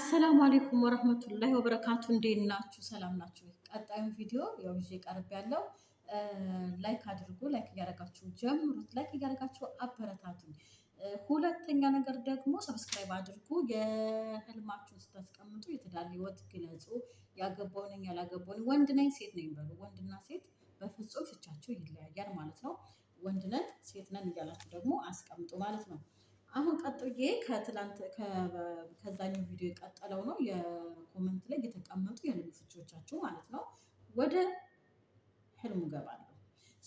አሰላሙ አሌይኩም ወረህመቱላሂ ወበረካቱ። እንዴት ናችሁ? ሰላም ናችሁ? ቀጣዩን ቪዲዮ ያው ይዤ ቀርብ ያለው ላይክ አድርጉ። ላይክ እያደረጋችሁ ጀምሩት። ላይክ እያደረጋችሁ አበረታቱኝ። ሁለተኛ ነገር ደግሞ ሰብስክራይብ አድርጉ። የህልማችሁን ስታስቀምጡ የትዳር ህይወት ግለጹ። ያገባው ነኝ ያላገባው ነኝ፣ ወንድ ነኝ ሴት ነኝ በሉ። ወንድና ሴት በፍጹም ፍቻቸው ይለያያል ማለት ነው። ወንድ ነን ሴት ነን እያላችሁ ደግሞ አስቀምጡ ማለት ነው። አሁን ቀጥዬ ከትላንት ከዛኛው ቪዲዮ የቀጠለው ነው የኮመንት ላይ የተቀመጡ የህልም ፍቾቻችሁ ማለት ነው። ወደ ህልሙ ገባለሁ።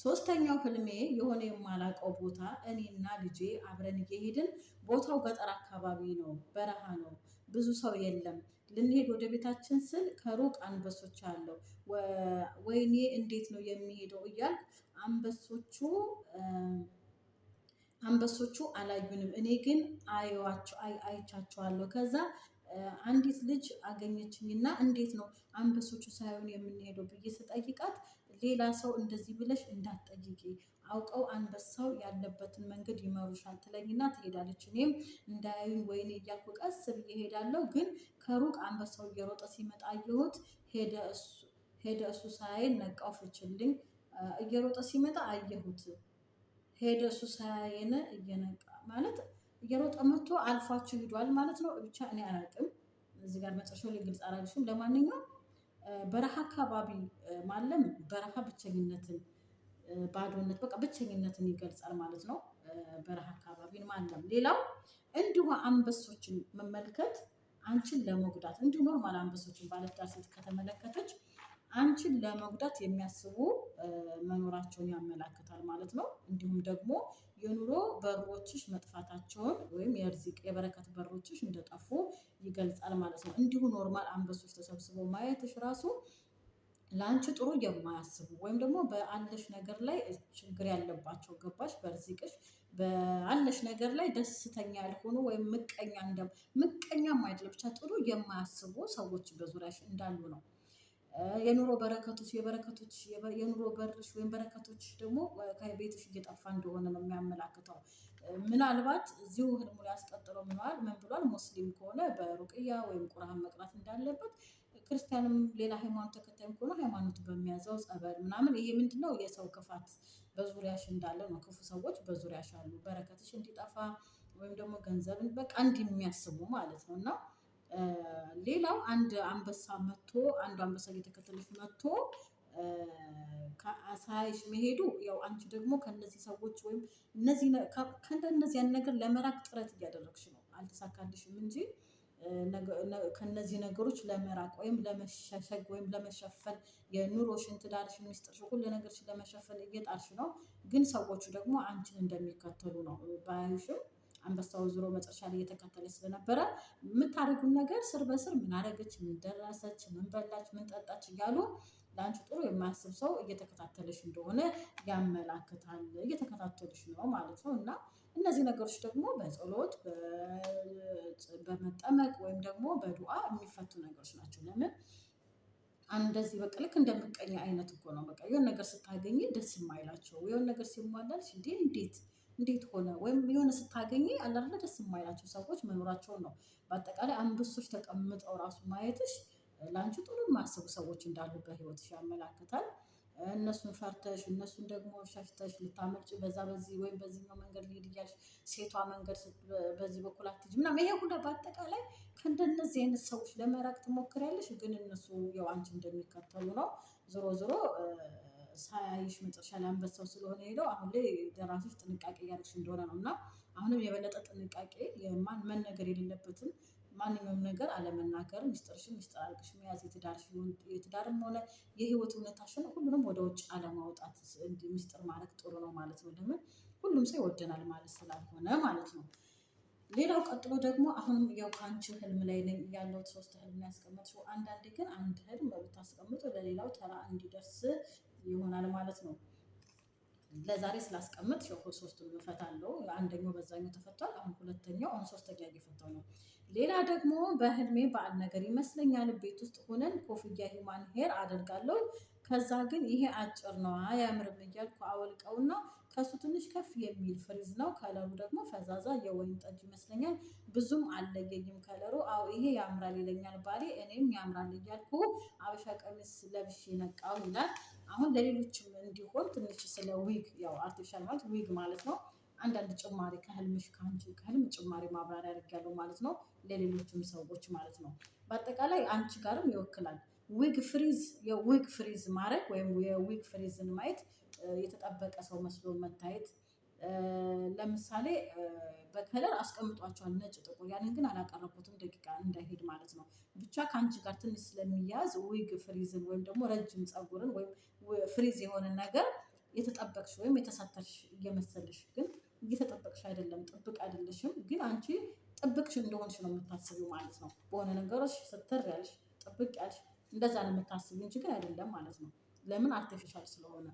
ሶስተኛው ህልሜ የሆነ የማላውቀው ቦታ እኔና ልጄ አብረን እየሄድን፣ ቦታው ገጠር አካባቢ ነው፣ በረሃ ነው፣ ብዙ ሰው የለም። ልንሄድ ወደ ቤታችን ስል ከሩቅ አንበሶች አለው። ወይኔ እንዴት ነው የሚሄደው እያልኩ አንበሶቹ አንበሶቹ አላዩንም፣ እኔ ግን አይቻቸዋለሁ። ከዛ አንዲት ልጅ አገኘችኝና እንዴት ነው አንበሶቹ ሳይሆን የምንሄደው ብዬ ስጠይቃት ሌላ ሰው እንደዚህ ብለሽ እንዳትጠይቂ አውቀው አንበሳው ያለበትን መንገድ ይመሩሻል ትለኝና ትሄዳለች። እኔም እንዳያዩ ወይኔ እያልኩ ቀስ ብዬ እሄዳለሁ። ግን ከሩቅ አንበሳው እየሮጠ ሲመጣ አየሁት። ሄደ እሱ ሳይን ነቃው ፍችልኝ እየሮጠ ሲመጣ አየሁት። ሄደ እሱ ሳያየነ እየነቃ ማለት እየሮጠ መጥቶ አልፏችሁ ሂዷል ማለት ነው። ብቻ እኔ አላውቅም። እዚህ ጋር መጨረሻው ላይ ግልጽ አላልሽም። ለማንኛውም በረሃ አካባቢ ማለም በረሃ ብቸኝነትን፣ ባዶነት፣ በቃ ብቸኝነትን ይገልጻል ማለት ነው። በረሃ አካባቢን ማለም። ሌላው እንዲሁ አንበሶችን መመልከት አንቺን ለመጉዳት እንዲሁ ኖርማል አንበሶችን ባለትዳር ሴት ከተመለከተች አንቺን ለመጉዳት የሚያስቡ መኖራቸውን ያመላክታል ማለት ነው። እንዲሁም ደግሞ የኑሮ በሮችሽ መጥፋታቸውን ወይም የእርዚቅ የበረከት በሮችሽ እንደጠፉ ይገልጻል ማለት ነው። እንዲሁ ኖርማል አንበሶች ተሰብስበው ማየትሽ ራሱ ለአንቺ ጥሩ የማያስቡ ወይም ደግሞ በአለሽ ነገር ላይ ችግር ያለባቸው ገባሽ በእርዚቅሽ በአለሽ ነገር ላይ ደስተኛ ያልሆኑ ወይም ምቀኛ እንደ ምቀኛም አይደለም ብቻ ጥሩ የማያስቡ ሰዎች በዙሪያሽ እንዳሉ ነው የኑሮ በረከቶች የበረከቶች የኑሮ በርሽ ወይም በረከቶች ደግሞ ከቤትሽ እየጠፋ እንደሆነ ነው የሚያመላክተው። ምናልባት እዚሁ ህልሙ ያስቀጥሎ ምንዋል ምን ብሏል? ሙስሊም ከሆነ በሩቅያ ወይም ቁርአን መቅራት እንዳለበት፣ ክርስቲያንም ሌላ ሃይማኖት ተከታይም ከሆነ ሃይማኖቱ በሚያዘው ጸበል ምናምን። ይሄ ምንድነው የሰው ክፋት በዙሪያሽ እንዳለ ነው። ክፉ ሰዎች በዙሪያሽ አሉ፣ በረከትሽ እንዲጠፋ ወይም ደግሞ ገንዘብን በቃ እንዲህ የሚያስቡ ማለት ነው እና ሌላው አንድ አንበሳ መጥቶ አንዱ አንበሳ እየተከተለች መጥቶ ከአሳይሽ መሄዱ ያው አንቺ ደግሞ ከነዚህ ሰዎች ወይም እነዚህ ያን ነገር ለመራቅ ጥረት እያደረግሽ ነው። አልተሳካልሽም እንጂ ከነዚህ ነገሮች ለመራቅ ወይም ለመሸሸግ ወይም ለመሸፈን የኑሮሽን፣ ትዳርሽን፣ ሚስጥርሽን ሁሉ ነገርሽን ለመሸፈን እየጣርሽ ነው። ግን ሰዎቹ ደግሞ አንቺን እንደሚከተሉ ነው ባያዩሽም አንበሳው ዞሮ መጨረሻ ላይ እየተከተለ ስለነበረ የምታደርጉን ነገር ስር በስር ምን አደረገች፣ ምን ደረሰች፣ ምን በላች፣ ምን ጠጣች እያሉ ለአንቺ ጥሩ የማያስብ ሰው እየተከታተለሽ እንደሆነ ያመላክታል። እየተከታተለሽ ነው ማለት ነው እና እነዚህ ነገሮች ደግሞ በጸሎት በመጠመቅ ወይም ደግሞ በዱዓ የሚፈቱ ነገሮች ናቸው። ለምን እንደዚህ በቃ ልክ እንደምቀኛ አይነት እኮ ነው። በቃ የሆነ ነገር ስታገኝ ደስ የማይላቸው የሆነ ነገር ሲሟላልሽ እንዴ እንዴት እንዴት ሆነ ወይም የሆነ ስታገኘ አንዳንድ ደስ የማይላቸው ሰዎች መኖራቸውን ነው። በአጠቃላይ አንበሶች ተቀምጠው ራሱ ማየትሽ ለአንቺ ጥሩ የማያስቡ ሰዎች እንዳሉ በህይወትሽ ያመላክታል። እነሱን ፈርተሽ እነሱን ደግሞ ሸፍተሽ ልታመልጪ በዛ በዚህ ወይም በዚህኛው መንገድ ልሂድ እያልሽ ሴቷ መንገድ በዚህ በኩል አትሄጂም ምናምን ይሄ ሁላ በአጠቃላይ ከእንደነዚህ አይነት ሰዎች ለመራቅ ትሞክሪያለሽ። ግን እነሱ ያው አንቺ እንደሚከተሉ ነው ዞሮ ዞሮ ሳያይሽ መጨረሻ ላይ አንበሳው ስለሆነ ሄደው አሁን ላይ ደራሲሽ ጥንቃቄ እያደረግሽ እንደሆነ ነው እና አሁንም የበለጠ ጥንቃቄ የማን መነገር የሌለበትን ማንኛውም ነገር አለመናገር፣ ሚስጥርሽን ሚስጥር አድርግሽ መያዝ፣ የትዳርም ሆነ የህይወት እውነታሽን ሁሉንም ወደ ውጭ አለማውጣት እንዲ ሚስጥር ማድረግ ጥሩ ነው ማለት ነው። ለምን ሁሉም ሰው ይወደናል ማለት ስላልሆነ ማለት ነው። ሌላው ቀጥሎ ደግሞ አሁንም ያው ከአንቺ ህልም ላይ ነኝ ያለው ሶስት ህልም ያስቀመጥሽው፣ አንዳንዴ ግን አንድ ህልም ብታስቀምጡ ለሌላው ተራ እንዲደርስ ይሆናል ማለት ነው። ለዛሬ ስላስቀምጥ ሸኮ ሶስቱን እፈታለሁ። አንደኛው በዛኛው ተፈቷል። አሁን ሁለተኛው አሁን ሶስተኛ እየፈታው ነው። ሌላ ደግሞ በህልሜ በዓል ነገር ይመስለኛል ቤት ውስጥ ሆነን ኮፍያ ሂማን ሄር አደርጋለሁ። ከዛ ግን ይሄ አጭር ነው አያምርም እያልኩ አወልቀውና ከሱ ትንሽ ከፍ የሚል ፍሪዝ ነው። ከለሩ ደግሞ ፈዛዛ የወይን ጠጅ ይመስለኛል። ብዙም አልለየኝም ከለሩ። አዎ ይሄ ያምራል ይለኛል ባሌ፣ እኔም ያምራል እያልኩ አበሻ ቀሚስ ለብሼ ነቃው ይላል። አሁን ለሌሎችም እንዲሆን ትንሽ ስለ ዊግ ያው አርቲፊሻል ማለት ዊግ ማለት ነው። አንዳንድ ጭማሪ ከህልምሽ ከአንቺ ከህልም ጭማሪ ማብራሪያ አድርጊያለሁ ማለት ነው። ለሌሎችም ሰዎች ማለት ነው። በአጠቃላይ አንቺ ጋርም ይወክላል ዊግ ፍሪዝ የዊግ ፍሪዝ ማድረግ ወይም የዊግ ፍሪዝን ማየት የተጠበቀ ሰው መስሎ መታየት። ለምሳሌ በከለር አስቀምጧቸዋል ነጭ፣ ጥቁር ያንን ግን አላቀረብኩትም ደቂቃ እንዳይሄድ ማለት ነው። ብቻ ከአንቺ ጋር ትንሽ ስለሚያዝ ዊግ ፍሪዝን ወይም ደግሞ ረጅም ፀጉርን ወይም ፍሪዝ የሆነ ነገር የተጠበቅሽ ወይም የተሳተርሽ እየመሰልሽ ግን እየተጠበቅሽ አይደለም። ጥብቅ አይደለሽም፣ ግን አንቺ ጥብቅሽ እንደሆንሽ ነው የምታስቢው ማለት ነው። በሆነ ነገሮች ስትር ያልሽ ጥብቅ ያልሽ እንደዛ ነው የምታስቡ እንጂ ግን አይደለም ማለት ነው። ለምን አርቲፊሻል ስለሆነ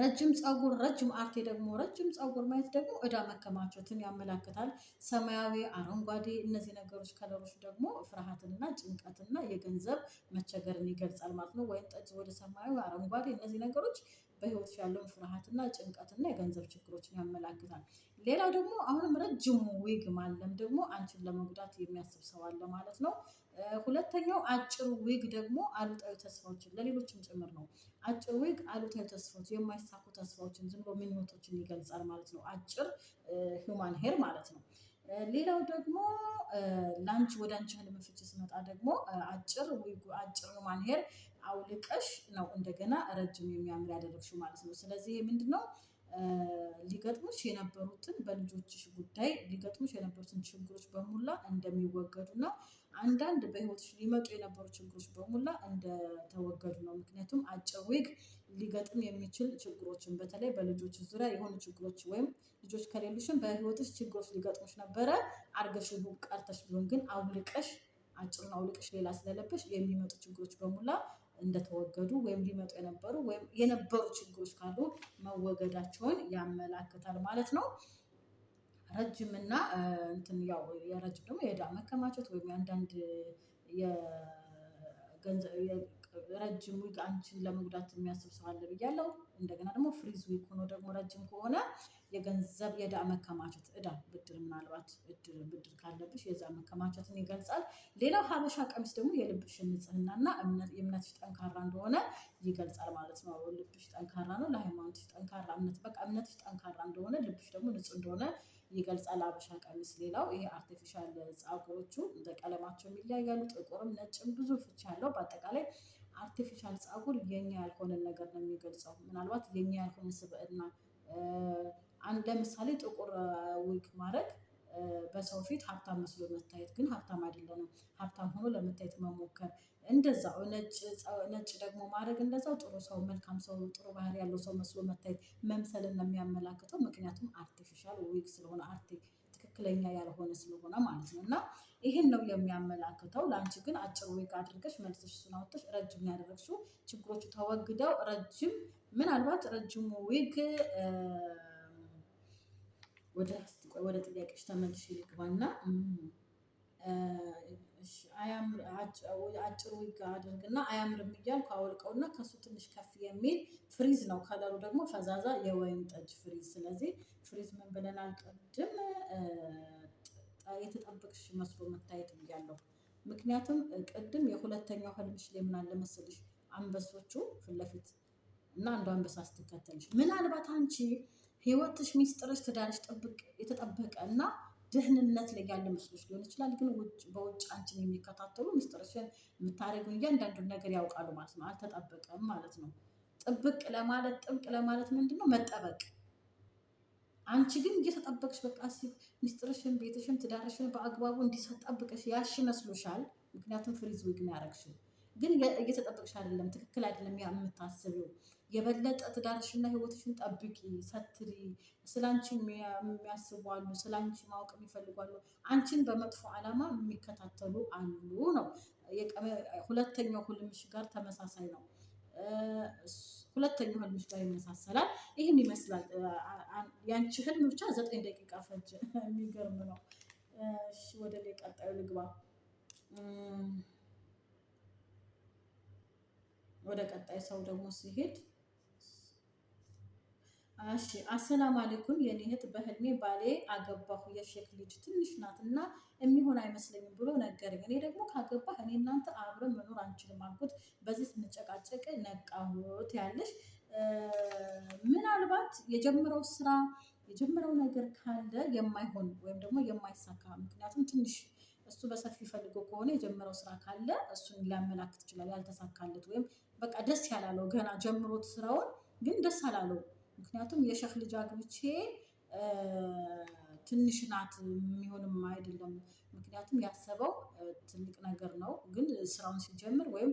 ረጅም ጸጉር፣ ረጅም አርቴ ደግሞ ረጅም ጸጉር ማየት ደግሞ እዳ መከማቸትን ያመላክታል። ሰማያዊ፣ አረንጓዴ እነዚህ ነገሮች ከለሮች ደግሞ ፍርሃትንና ጭንቀትና የገንዘብ መቸገርን ይገልጻል ማለት ነው። ወይም ጠጅ ወደ ሰማያዊ፣ አረንጓዴ እነዚህ ነገሮች በህይወት ያለውን ፍርሃትና ጭንቀትና የገንዘብ ችግሮችን ያመላክታል። ሌላ ደግሞ አሁንም ረጅሙ ዊግ ማለም ደግሞ አንቺን ለመጉዳት የሚያስብ ሰው አለ ማለት ነው። ሁለተኛው አጭር ዊግ ደግሞ አሉታዊ ተስፋዎችን ለሌሎችም ጭምር ነው። አጭር ዊግ አሉታዊ ተስፋዎች፣ የማይሳኩ ተስፋዎችን፣ ዝም ብሎ ምኞቶችን ይገልጻል ማለት ነው። አጭር ሂውማን ሄር ማለት ነው። ሌላው ደግሞ ለአንቺ ወደ አንቺ ህልም ፍቺ ስመጣ ደግሞ አጭር ዊጉ አጭር ሂውማን ሄር አውልቀሽ ነው እንደገና ረጅም የሚያምር ያደረግሽው ማለት ነው። ስለዚህ ምንድን ነው ሊገጥሙሽ የነበሩትን በልጆችሽ ጉዳይ ሊገጥሙሽ የነበሩትን ችግሮች በሙላ ነው። አንዳንድ በህይወት ሊመጡ የነበሩ ችግሮች በሙላ እንደተወገዱ ነው። ምክንያቱም አጭር ዊግ ሊገጥም የሚችል ችግሮችን በተለይ በልጆች ዙሪያ የሆኑ ችግሮች ወይም ልጆች ከሌሉሽም በሕይወትሽ ችግሮች ሊገጥሙሽ ነበረ። አርገሽ ቀርተሽ ቢሆን ግን አውልቀሽ አጭሩን አውልቀሽ ሌላ ስለለበሽ የሚመጡ ችግሮች በሙላ እንደተወገዱ ወይም ሊመጡ የነበሩ ወይም የነበሩ ችግሮች ካሉ መወገዳቸውን ያመላክታል ማለት ነው። እና እንትን ያው የረጅም ደግሞ የዕዳ መከማቸት ወይም የአንዳንድ ረጅም ዊግ አንቺን ለመጉዳት የሚያስብ ሰው አለ ብያለው። እንደገና ደግሞ ፍሪዝ ዊግ ሆኖ ደግሞ ረጅም ከሆነ የገንዘብ የዕዳ መከማቸት እዳ ብድር፣ ምናልባት ብድር ብድር ካለብሽ የዛ መከማቸትን ይገልጻል። ሌላው ሀበሻ ቀሚስ ደግሞ የልብሽን ንጽህናና የእምነትሽ ጠንካራ እንደሆነ ይገልጻል ማለት ነው። ልብሽ ጠንካራ ነው፣ ለሃይማኖትሽ ጠንካራ እምነት፣ በቃ እምነትሽ ጠንካራ እንደሆነ ልብሽ ደግሞ ንጹህ እንደሆነ ይገልጻል ሀበሻ ቀሚስ። ሌላው ይሄ አርቲፊሻል ፀጉሮቹ በቀለማቸው የሚለያያሉ፣ ጥቁርም ነጭም ብዙ ፍች አለው በአጠቃላይ አርቲፊሻል ፀጉር የኛ ያልሆነን ነገር ነው የሚገልጸው። ምናልባት የኛ ያልሆነ ስብዕና አንድ ለምሳሌ ጥቁር ዊግ ማድረግ በሰው ፊት ሀብታም መስሎ መታየት ግን ሀብታም አይደለንም። ሀብታም ሆኖ ለመታየት መሞከር እንደዛው ነጭ ደግሞ ማድረግ እንደዛው ጥሩ ሰው መልካም ሰው ጥሩ ባህሪ ያለው ሰው መስሎ መታየት መምሰልን ነው የሚያመላክተው። ምክንያቱም አርቲፊሻል ዊግ ስለሆነ አርቲክ ትክክለኛ ያልሆነ ስለሆነ ማለት ነው። እና ይህን ነው የሚያመላክተው። ለአንቺ ግን አጭር ወግ አድርገሽ መልሰሽ እሱን ረጅም ያደረግሽው ችግሮቹ ተወግደው ረጅም ምናልባት ረጅሙ ዊግ ወደ ጥያቄሽ ተመልሽ ልግባና አጭር ዊግ አድርግና አያምርም እያልኩ አወልቀውና ከሱ ትንሽ ከፍ የሚል ፍሪዝ ነው። ከለሩ ደግሞ ፈዛዛ የወይን ጠጅ ፍሪዝ። ስለዚህ ፍሪዝ ምን ብለናል ቅድም? የተጠበቅሽ መስሎ መታየት እያለሁ ምክንያቱም ቅድም የሁለተኛው ህልምሽ ላይ ምን አለ መሰልሽ አንበሶቹ ፊት ለፊት እና አንዱ አንበሳ ስትከተልሽ ምናልባት አንቺ ህይወትሽ፣ ሚስጥርሽ፣ ትዳርሽ ጥብቅ የተጠበቀ እና ድህንነት ላይ ያለ መስሎች ሊሆን ይችላል። ግን በውጭ አንቺን የሚከታተሉ ሚስጥርሽን የምታደርገው እያንዳንዱን ነገር ያውቃሉ ማለት ነው። አልተጠበቀም ማለት ነው። ጥብቅ ለማለት ጥብቅ ለማለት ምንድን ነው መጠበቅ። አንቺ ግን እየተጠበቅሽ በቃ ሚስጥርሽን፣ ቤትሽን፣ ትዳርሽን በአግባቡ እንዲሰጥ ያሽ መስሎሻል። ምክንያቱም ፍሪዝ ዊግ ነው ያደረግሽው። ግን እየተጠበቅሽ አይደለም፣ ትክክል አይደለም የምታስቢው። የበለጠ ትዳርሽና ህይወትሽን ጠብቂ፣ ሰትሪ። ስላንቺ የሚያስቧሉ፣ ስላንቺ ማወቅ የሚፈልጓሉ፣ አንቺን በመጥፎ ዓላማ የሚከታተሉ አሉ ነው። ሁለተኛው ህልምሽ ጋር ተመሳሳይ ነው። ሁለተኛው ህልምሽ ጋር ይመሳሰላል። ይህን ይመስላል ያንቺ ህልም ብቻ ዘጠኝ ደቂቃ ፈጅ። የሚገርም ነው። ወደ ላይ ቀጣዩ ልግባ። ወደ ቀጣይ ሰው ደግሞ ሲሄድ እሺ አሰላም አለይኩም የኔ እህት፣ በህልሜ ባሌ አገባሁ የሼክ ልጅ ትንሽ ናትና የሚሆን አይመስለኝም ብሎ ነገረኝ። እኔ ደግሞ ካገባህ እኔ እናንተ አብረን መኖር አንችልም አልኩት። በዚህ ስንጨቃጨቅ ነቃሁት። ያለሽ ምናልባት የጀመረው ስራ የጀመረው ነገር ካለ የማይሆን ወይም ደግሞ የማይሳካ ምክንያቱም ትንሽ እሱ በሰፊ ፈልጎ ከሆነ የጀመረው ስራ ካለ እሱን ሊያመላክት ይችላል። ያልተሳካለት ወይም በቃ ደስ ያላለው ገና ጀምሮት ስራውን ግን ደስ አላለው። ምክንያቱም የሸህ ልጅ አግብቼ ትንሽ ናት የሚሆንም አይደለም ምክንያቱም ያሰበው ትልቅ ነገር ነው፣ ግን ስራውን ሲጀምር ወይም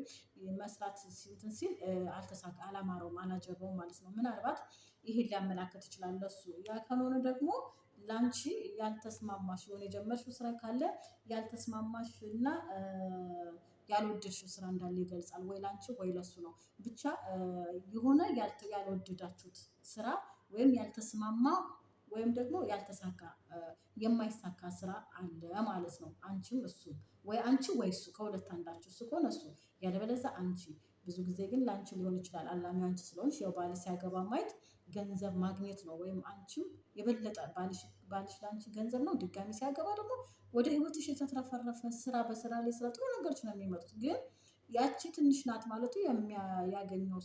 መስራት እንትን ሲል አልተሳካ አላማረውም አላጀበውም ማለት ነው። ምናልባት ይሄን ሊያመላክት ይችላል ለሱ። ያ ደግሞ ላንቺ ያልተስማማሽ የሆነ የጀመርሽው ስራ ካለ ያልተስማማሽ እና ያልወደድሽው ስራ እንዳለ ይገልጻል። ወይ ላንቺ ወይ ለሱ ነው። ብቻ የሆነ ያልወደዳችሁት ስራ ወይም ያልተስማማ ወይም ደግሞ ያልተሳካ የማይሳካ ስራ አለ ማለት ነው። አንቺም እሱ ወይ አንቺ ወይ እሱ ከሁለት አንዳችሁ እሱ ከሆነ እሱ ያለበለዛ አንቺ። ብዙ ጊዜ ግን ለአንቺ ሊሆን ይችላል አላሚ አንቺ ስለሆንሽ ያው ባል ሲያገባ ማየት ገንዘብ ማግኘት ነው። ወይም አንቺም የበለጠ ባልሽ ለአንቺ ገንዘብ ነው። ድጋሚ ሲያገባ ደግሞ ወደ ህይወትሽ የተትረፈረፈ ስራ በስራ ላይ ስራ ጥሩ ነገሮች ነው የሚመጡት ግን ያቺ ትንሽ ናት ማለቱ ያገኘው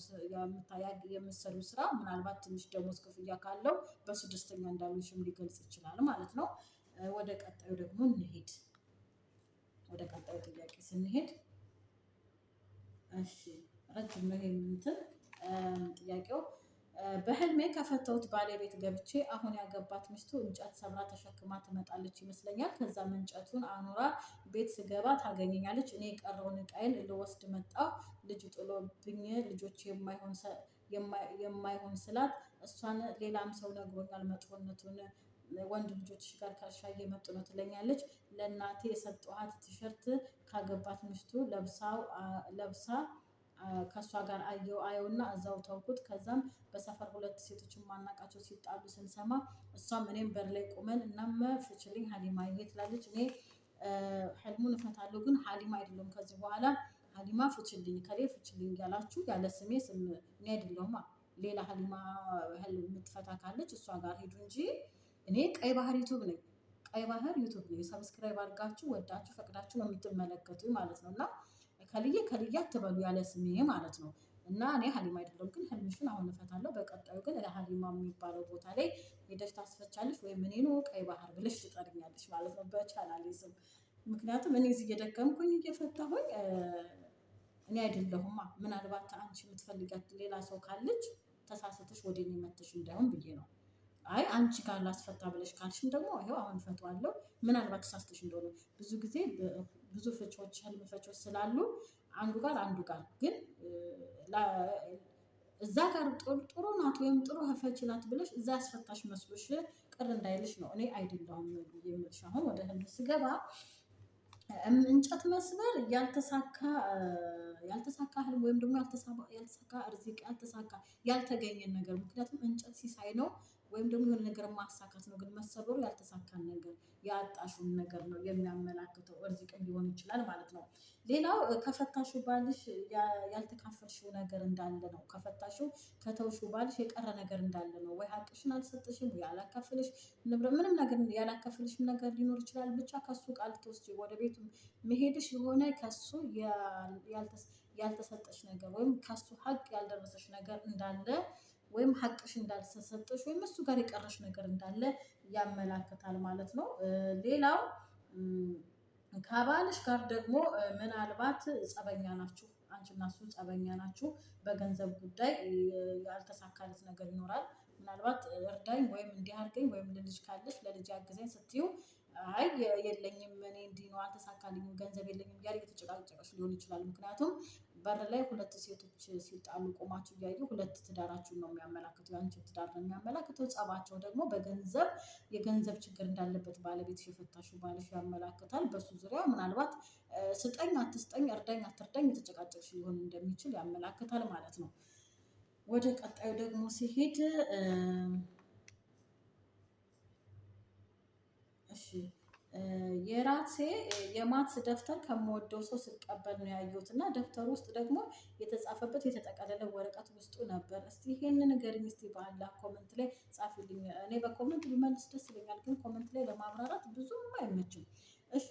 የምትሰሩ ስራ ምናልባት ትንሽ ደሞዝ ክፍያ ካለው በስድስተኛ እንዳሉሽም ሊገልጽ ይችላል ማለት ነው። ወደ ቀጣዩ ደግሞ እንሄድ። ወደ ቀጣዩ ጥያቄ ስንሄድ እሺ ረጅም ነው ይሄ እንትን ጥያቄው በህልሜ ከፈተውት ባለቤት ቤት ገብቼ አሁን ያገባት ሚስቱ እንጨት ሰብራ ተሸክማ ትመጣለች ይመስለኛል። ከዛም እንጨቱን አኑራ ቤት ስገባ ታገኘኛለች። እኔ የቀረውን ዕቃዬን ልወስድ መጣሁ። ልጅ ጥሎብኝ ልጆች የማይሆን ስላት እሷን ሌላም ሰው ነግሮኛል መጥፎነቱን ወንድ ልጆች ጋር ካሻ እየመጡ ነው ትለኛለች። ለእናቴ የሰጠኋት ቲሸርት ካገባት ሚስቱ ለብሳ ከእሷ ጋር አየው እና እዛው ተውኩት። ከዛም በሰፈር ሁለት ሴቶች ማናቃቸው ሲጣሉ ስንሰማ እሷም እኔም በር ላይ ቆመን እናመ ፍችልኝ ይሄ ትላለች። እኔ ህልሙን እፈታለሁ ግን ሀሊማ አይደለም ከዚህ በኋላ ሀሊማ ፍችልኝ ከሌ ፍችልኝ እያላችሁ ያለ ስሜ ስም እኔ አይደለሁም ሌላ ሀሊማ የምትፈታ ካለች እሷ ጋር ሄዱ እንጂ እኔ ቀይ ባህር ዩቱብ ነኝ። ቀይ ባህር ዩቱብ ነው። ሰብስክራይብ አድርጋችሁ ወዳችሁ ፈቅዳችሁ ነው የምትመለከቱ ማለት ነው እና ከልዬ ከልዬ አትበሉ ያለ ስሜ ማለት ነው። እና እኔ ሀሊማ አይደለም ግን ህልምሽን አሁን እፈታለሁ። በቀጣዩ ግን ለሀሊማ የሚባለው ቦታ ላይ ሄደሽ ታስፈቻለሽ ወይም እኔኑ ቀይ ባህር ብለሽ ትጠሪኛለሽ ማለት ነው በቻናሌ ስም። ምክንያቱም እኔ እዚህ እየደከምኩኝ እየፈታሁኝ እኔ አይደለሁማ ምናልባት አንቺ የምትፈልጋት ሌላ ሰው ካለች ተሳስተሽ ወደ እኔ መተሽ እንዳይሆን ብዬ ነው። አይ አንቺ ጋር ላስፈታ ብለሽ ካልሽም ደግሞ ይኸው አሁን እፈታዋለሁ ምናልባት ተሳስተሽ እንደሆነ ብዙ ጊዜ ብዙ ፍቾች ህልም ፍቾች ስላሉ አንዱ ጋር አንዱ ጋር ግን እዛ ጋር ጥሩ ናት ወይም ጥሩ ህፈች ናት ብለሽ እዛ ያስፈታሽ መስሎሽ ቅር እንዳይልሽ ነው። እኔ አይደለሁም የምልሽ። አሁን ወደ ህልም ስገባ እንጨት መስበር ያልተሳካ ያልተሳካ ህልም ወይም ደግሞ ያልተሳካ እርዚቅ ያልተሳካ ያልተገኘን ነገር ምክንያቱም እንጨት ሲሳይ ነው ወይም ደግሞ የሆነ ነገር ማሳካት ነው። ግን መሰበሩ ያልተሳካን ነገር ያጣሹን ነገር ነው የሚያመላክተው። እርዝቅም ሊሆን ይችላል ማለት ነው። ሌላው ከፈታሹ ባልሽ ያልተካፈልሽው ነገር እንዳለ ነው። ከፈታሹ ከተውሹ ባልሽ የቀረ ነገር እንዳለ ነው። ወይ ሀቅሽን አልሰጥሽም፣ ወይ አላካፍልሽ ምንም ነገር ያላካፍልሽም ነገር ሊኖር ይችላል። ብቻ ከሱ ቃል ትወስጂ ወደ ቤቱ መሄድሽ የሆነ ከሱ ያልተሰጠሽ ነገር ወይም ከሱ ሀቅ ያልደረሰሽ ነገር እንዳለ ወይም ሀቅሽ እንዳልተሰጠሽ ወይም እሱ ጋር የቀረሽ ነገር እንዳለ ያመላክታል ማለት ነው። ሌላው ከባልሽ ጋር ደግሞ ምናልባት ጸበኛ ናችሁ፣ አንቺና እሱ ጸበኛ ናችሁ። በገንዘብ ጉዳይ ያልተሳካለት ነገር ይኖራል። ምናልባት እርዳኝ ወይም እንዲህ አድርገኝ ወይም ልልጅ ካለሽ ለልጅ አግዘኝ ስትዩ አይ የለኝም እኔ እንዲህ ነው አልተሳካልኝም፣ ገንዘብ የለኝም እያለ የተጨቃጨቀች ሊሆን ይችላል። ምክንያቱም በር ላይ ሁለት ሴቶች ሲጣሉ ቆማችሁ እያዩ ሁለት ትዳራችሁን ነው የሚያመላክተው የአንቺን ትዳር ነው የሚያመላክተው። ጸባቸው ደግሞ በገንዘብ የገንዘብ ችግር እንዳለበት ባለቤትሽ የፈታሽው ባልሽ ያመላክታል። በሱ ዙሪያ ምናልባት ስጠኝ አትስጠኝ እርዳኝ አትርዳኝ የተጨቃጨቅሽ ሊሆን እንደሚችል ያመላክታል ማለት ነው። ወደ ቀጣዩ ደግሞ ሲሄድ እሺ የራሴ የማትስ ደብተር ከምወደው ሰው ስቀበል ነው ያየሁት እና ደብተር ውስጥ ደግሞ የተጻፈበት የተጠቀለለ ወረቀት ውስጡ ነበር። እስቲ ይሄን ንገሪኝ እስቲ ባላ ኮመንት ላይ ጻፊልኝ። እኔ በኮመንት ብመልስ ደስ ይለኛል፣ ግን ኮመንት ላይ ለማብራራት ብዙም አይመችም። እሺ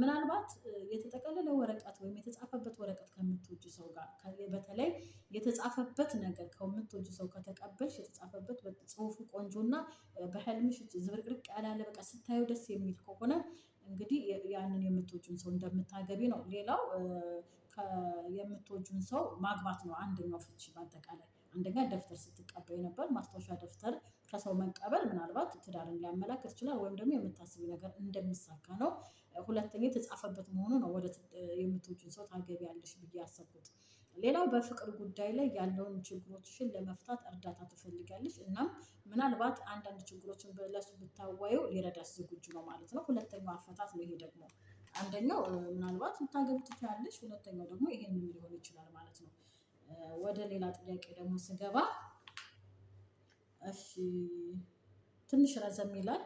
ምናልባት የተጠቀለለ ወረቀት ወይም የተጻፈበት ወረቀት ከምትወጁ ሰው ጋር በተለይ የተጻፈበት ነገር ከምትወጁ ሰው ከተቀበልሽ የተጻፈበት ጽሁፉ ቆንጆና በህልምሽ ዝብርቅርቅ ያላለ በቃ ስታየው ደስ የሚል ከሆነ እንግዲህ ያንን የምትወጁን ሰው እንደምታገቢ ነው። ሌላው የምትወጁን ሰው ማግባት ነው አንደኛው ፍቺ ባጠቃላይ። አንደኛ ደብተር ስትቀበይ ነበር። ማስታወሻ ደብተር ከሰው መቀበል ምናልባት ትዳርን ሊያመላክት ይችላል፣ ወይም ደግሞ የምታስቢው ነገር እንደሚሳካ ነው። ሁለተኛ የተጻፈበት መሆኑ ነው ወደ የምትወጂውን ሰው ታገቢያለሽ ብዬ ያሰብኩት። ሌላው በፍቅር ጉዳይ ላይ ያለውን ችግሮችሽን ለመፍታት እርዳታ ትፈልጋለች እናም ምናልባት አንዳንድ ችግሮችን በለሱ ብታዋዩ ሊረዳሽ ዝግጁ ነው ማለት ነው። ሁለተኛው አፈታት ነው ይሄ ደግሞ አንደኛው ምናልባት ልታገቡ ትችላለሽ፣ ሁለተኛው ደግሞ ይሄንን ሊሆን ይችላል ማለት ነው። ወደ ሌላ ጥያቄ ደግሞ ስገባ እሺ ትንሽ ረዘም ይላል።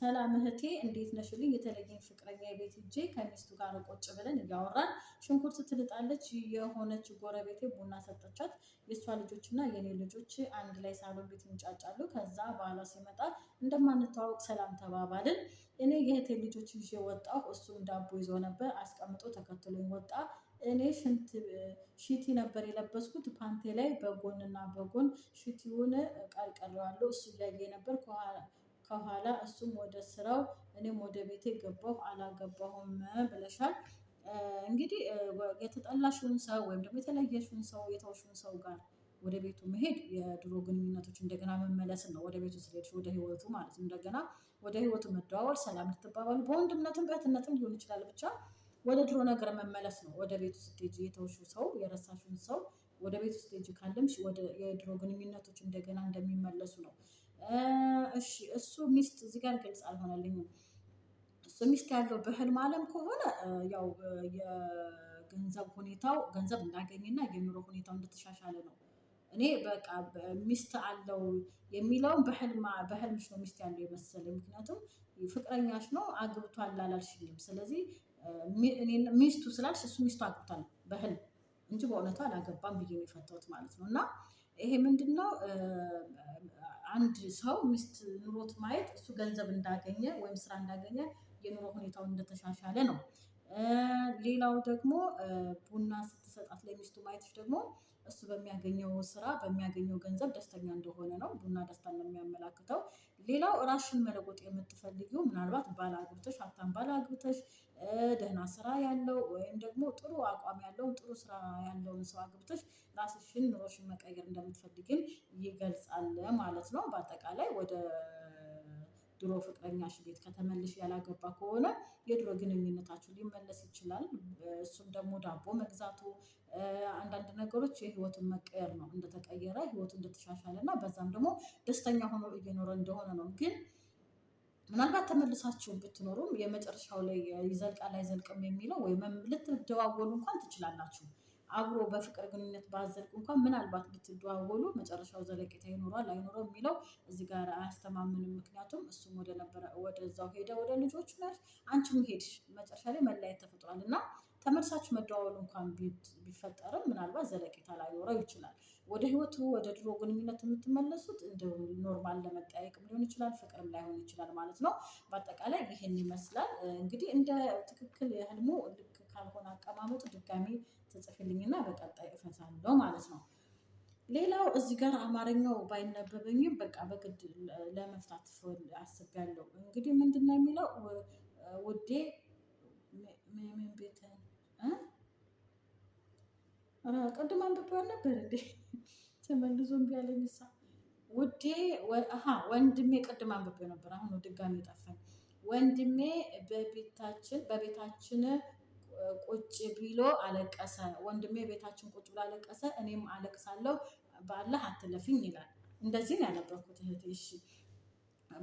ሰላም እህቴ እንዴት ነሽልኝ? የተለየኝ ፍቅረኛ ቤት እጄ ከሚስቱ ጋር ቁጭ ብለን እያወራን ሽንኩርት ትልጣለች የሆነች ጎረቤቴ ቡና ሰጠቻት። የእሷ ልጆች እና የኔ ልጆች አንድ ላይ ሳሎን ቤት እንጫጫሉ። ከዛ በኋላ ሲመጣ እንደማንተዋወቅ ሰላም ተባባልን። እኔ የእህቴ ልጆች ይዤ ወጣሁ። እሱም ዳቦ ይዞ ነበር አስቀምጦ ተከትሎኝ ወጣ። እኔ ሽንት ሽቲ ነበር የለበስኩት ፓንቴ ላይ በጎንና በጎን ሽቲውን ቀልቀለዋለሁ። እሱ እያየ ነበር ከኋላ። እሱም ወደ ስራው እኔም ወደ ቤቴ ገባሁ። አላገባሁም ብለሻል። እንግዲህ የተጠላሽውን ሰው ወይም ደግሞ የተለየሽውን ሰው የተውሽውን ሰው ጋር ወደ ቤቱ መሄድ የድሮ ግንኙነቶች እንደገና መመለስ ነው። ወደ ቤቱ ስለሄድሽ ወደ ህይወቱ ማለት እንደገና ወደ ህይወቱ መደዋወል፣ ሰላም ልትባባሉ፣ በወንድምነትም በእህትነትም ሊሆን ይችላል ብቻ ወደ ድሮ ነገር መመለስ ነው። ወደ ቤቱ ስትሄጂ የተውሽው ሰው የረሳሽውን ሰው ወደ ቤቱ ስትሄጂ ካለምሽ ወደ የድሮ ግንኙነቶች እንደገና እንደሚመለሱ ነው። እሺ እሱ ሚስት እዚህ ጋር ግልጽ አልሆነልኝም። እሱ ሚስት ያለው በህልም አለም ከሆነ ያው የገንዘብ ሁኔታው ገንዘብ እንዳገኝና የኑሮ ሁኔታው እንደተሻሻለ ነው። እኔ በቃ ሚስት አለው የሚለውን በህልምሽ ነው ሚስት ያለው የመሰለኝ ምክንያቱም ፍቅረኛሽ ነው አግብቷል አላልሽኝም። ስለዚህ ሚስቱ ስላልሽ እሱ ሚስቱ አግብቷል በህል እንጂ በእውነቱ አላገባም ብዬ ነው የፈታሁት ማለት ነው። እና ይሄ ምንድን ነው አንድ ሰው ሚስት ኑሮት ማየት እሱ ገንዘብ እንዳገኘ ወይም ስራ እንዳገኘ የኑሮ ሁኔታውን እንደተሻሻለ ነው። ሌላው ደግሞ ቡና ስትሰጣት ለሚስቱ ማየትሽ ደግሞ እሱ በሚያገኘው ስራ በሚያገኘው ገንዘብ ደስተኛ እንደሆነ ነው። ቡና ደስታን የሚያመላክተው። ሌላው ራስሽን መለወጥ የምትፈልጊው ምናልባት ባል አግብተሽ ሀብታም ባል አግብተሽ ደህና ስራ ያለው ወይም ደግሞ ጥሩ አቋም ያለውን ጥሩ ስራ ያለውን ሰው አግብተሽ ራስሽን ኑሮሽን መቀየር እንደምትፈልግም ይገልጻል ማለት ነው። በአጠቃላይ ወደ ድሮ ፍቅረኛሽ ቤት ከተመልሽ ያላገባ ከሆነ የድሮ ግንኙነታችሁ ሊመለስ ይችላል። እሱም ደግሞ ዳቦ መግዛቱ አንዳንድ ነገሮች የህይወቱን መቀየር ነው እንደተቀየረ ህይወቱ እንደተሻሻለ እና በዛም ደግሞ ደስተኛ ሆኖ እየኖረ እንደሆነ ነው። ግን ምናልባት ተመልሳችሁ ብትኖሩም የመጨረሻው ላይ ይዘልቃል አይዘልቅም የሚለው ወይም ልትደዋወሉ እንኳን ትችላላችሁ አብሮ በፍቅር ግንኙነት ባዘልቁ እንኳን ምናልባት ብትደዋወሉ መጨረሻው ዘለቄታ ይኖሯል አይኖረው የሚለው እዚህ ጋር አያስተማምንም። ምክንያቱም እሱም ወደ ነበረ ወደዛው ሄደ ወደ ልጆቹ ነሽ፣ አንቺም ሄድሽ፣ መጨረሻ ላይ መለያየት ተፈጥሯል እና ተመልሳችሁ መደዋወሉ እንኳን ቢፈጠርም ምናልባት ዘለቄታ ላይኖረው ይችላል። ወደ ህይወቱ ወደ ድሮ ግንኙነት የምትመለሱት እንደ ኖርማል ለመጠያየቅ ሊሆን ይችላል፣ ፍቅርም ላይሆን ይችላል ማለት ነው። በአጠቃላይ ይህን ይመስላል እንግዲህ እንደ ትክክል ህልሙ ካልሆነ አቀማመጡ ድጋሚ ትጽፍልኝና በቀጣይ እፈታለሁ ማለት ነው። ሌላው እዚህ ጋር አማርኛው ባይነበበኝም በቃ በግድ ለመፍታት አስቤያለሁ። እንግዲህ ምንድን ነው የሚለው ውዴ ምን ቤት ቅድም አንብቤዋል ነበር እንዴ? ተመልሶ እምቢ አለኝ። እሷ ውዴ ወንድሜ ቅድም አንብቤው ነበር፣ አሁን ድጋሚ ጠፋኝ። ወንድሜ በቤታችን በቤታችን ቁጭ ብሎ አለቀሰ። ወንድሜ ቤታችን ቁጭ ብሎ አለቀሰ፣ እኔም አለቅሳለሁ፣ በአላህ አትለፊኝ ይላል። እንደዚህ ነው ያነበብኩት እህቴ። እሺ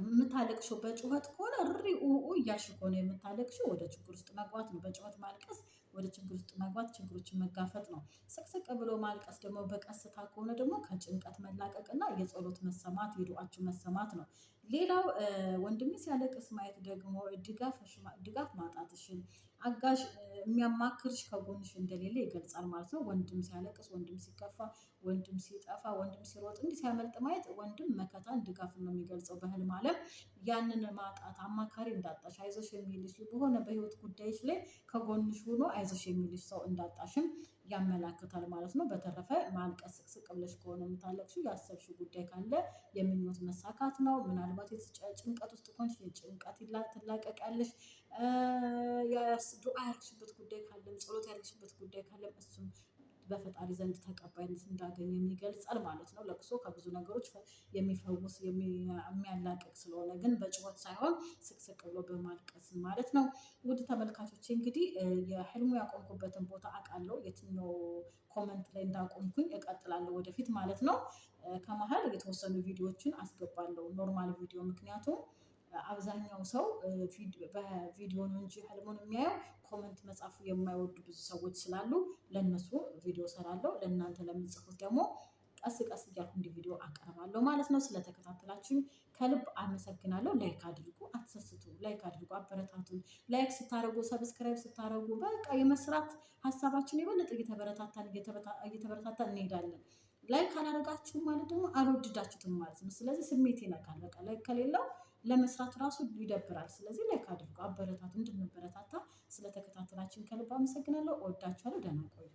የምታለቅሽው በጩኸት ከሆነ ሪ ኡኡ እያልሽ ከሆነ የምታለቅሽው ወደ ችግር ውስጥ መግባት ነው። በጩኸት ማልቀስ ወደ ችግር ውስጥ መግባት፣ ችግሮችን መጋፈጥ ነው። ስቅስቅ ብሎ ማልቀስ ደግሞ በቀስታ ከሆነ ደግሞ ከጭንቀት መላቀቅና የጸሎት መሰማት የዱዓችሁ መሰማት ነው። ሌላው ወንድም ሲያለቅስ ማየት ደግሞ ድጋፍ ማጣትሽን አጋዥ የሚያማክርሽ ከጎንሽ እንደሌለ ይገልጻል ማለት ነው። ወንድም ሲያለቅስ፣ ወንድም ሲከፋ፣ ወንድም ሲጠፋ፣ ወንድም ሲሮጥ፣ እንዲህ ሲያመልጥ ማየት ወንድም መከታን ድጋፍ ነው የሚገልጸው በህልም ዓለም። ያንን ማጣት አማካሪ እንዳጣሽ አይዞሽ የሚልሽ በሆነ በህይወት ጉዳዮች ላይ ከጎንሽ ሆኖ አይዞሽ የሚልሽ ሰው እንዳጣሽም ያመላክታል ማለት ነው። በተረፈ ማልቀስ ስቅስቅ ብለሽ ከሆነ የምታለቅሽው ያሰብሽው ጉዳይ ካለ የምኞት መሳካት ነው። ምናልባት ጭንቀት ውስጥ ከሆንሽ ጭንቀት ትላቀቂያለሽ። ዱዓ ያደረግሽበት ጉዳይ ካለም ጸሎት ያደረግሽበት ጉዳይ ካለም እሱም በፈጣሪ ዘንድ ተቀባይነት እንዳገኘ የሚገልጻል ማለት ነው። ለቅሶ ከብዙ ነገሮች የሚፈውስ የሚያላቅቅ ስለሆነ ግን በጭወት ሳይሆን ስቅስቅ ብሎ በማልቀስ ማለት ነው። ውድ ተመልካቾች እንግዲህ የህልሙ ያቆምኩበትን ቦታ አውቃለሁ። የትኛው ኮመንት ላይ እንዳቆምኩኝ እቀጥላለሁ ወደፊት ማለት ነው። ከመሀል የተወሰኑ ቪዲዮዎችን አስገባለሁ ኖርማል ቪዲዮ ምክንያቱም አብዛኛው ሰው በቪዲዮ ነው እንጂ ህልሙን የሚያየው ኮመንት መጻፉ የማይወዱ ብዙ ሰዎች ስላሉ ለእነሱ ቪዲዮ ሰራለሁ። ለእናንተ ለምጽፉት ደግሞ ቀስ ቀስ እያልኩ እንዲ ቪዲዮ አቀርባለሁ ማለት ነው። ስለተከታተላችሁኝ ከልብ አመሰግናለሁ። ላይክ አድርጉ፣ አትሰስቱ። ላይክ አድርጉ፣ አበረታቱን። ላይክ ስታደርጉ፣ ሰብስክራይብ ስታደርጉ በቃ የመስራት ሀሳባችን የበለጠ እየተበረታታን እየተበረታታ እንሄዳለን። ላይክ አላደረጋችሁም ማለት ደግሞ አልወድዳችሁትም ማለት ነው። ስለዚህ ስሜት ይነካል። በቃ ላይክ ከሌለው ለመስራት ራሱ ይደብራል። ስለዚህ ላይክ አድርጉ፣ አበረታቱ፣ እንድንበረታታ ስለተከታተላችን ከልብ አመሰግናለሁ። እወዳችኋለሁ። ደህና ቆዩ።